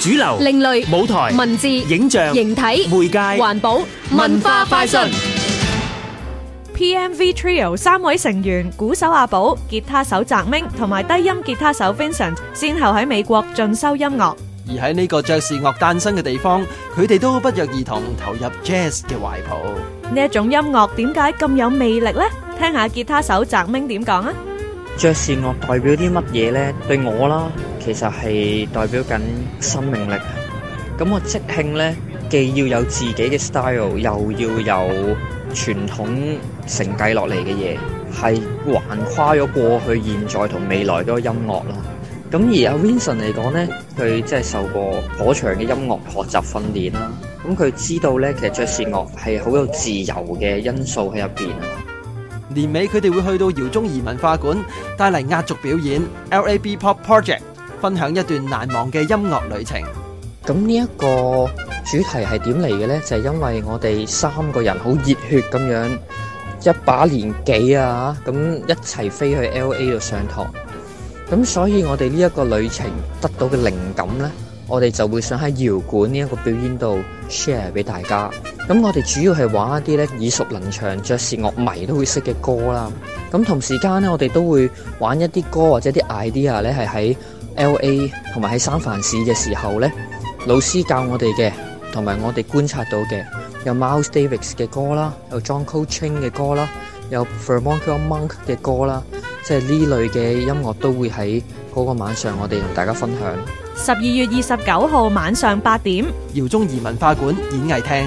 主流、另類、舞台、文字、影像、形體、媒介、環保、文化快訊。PMV Trio 三位成員：鼓手阿寶、吉他手澤明同埋低音吉他手 Vincent，先後喺美國進修音樂。而喺呢個爵士樂誕生嘅地方，佢哋都不約而同投入 jazz 嘅懷抱。呢一種音樂點解咁有魅力呢？聽下吉他手澤明點講啊！爵士樂代表啲乜嘢呢？對我啦，其實係代表緊生命力。咁我即興呢，既要有自己嘅 style，又要有傳統承繼落嚟嘅嘢，係橫跨咗過去、現在同未來嗰個音樂啦。咁而阿 Vincent 嚟講呢，佢即係受過頗長嘅音樂學習訓練啦。咁佢知道呢，其實爵士樂係好有自由嘅因素喺入邊。年尾佢哋會去到饒宗頤文化館，帶嚟壓軸表演 L A B Pop Project，分享一段難忘嘅音樂旅程。咁呢一個主題係點嚟嘅呢？就係因為我哋三個人好熱血咁樣一把年紀啊，咁一齊飛去 L A 度上堂。咁所以我哋呢一個旅程得到嘅靈感呢，我哋就會想喺饒館呢一個表演度 share 俾大家。咁我哋主要係玩一啲咧耳熟能詳、爵士樂迷都會識嘅歌啦。咁同時間咧，我哋都會玩一啲歌或者啲 idea 咧，係喺 L.A. 同埋喺三藩市嘅時候咧，老師教我哋嘅，同埋我哋觀察到嘅，有 Miles Davis 嘅歌啦，有 John Coltrane 嘅歌啦，有 Thelonious Monk 嘅歌啦，即係呢類嘅音樂都會喺嗰個晚上，我哋同大家分享。十二月二十九號晚上八點，姚中移文化館演藝廳。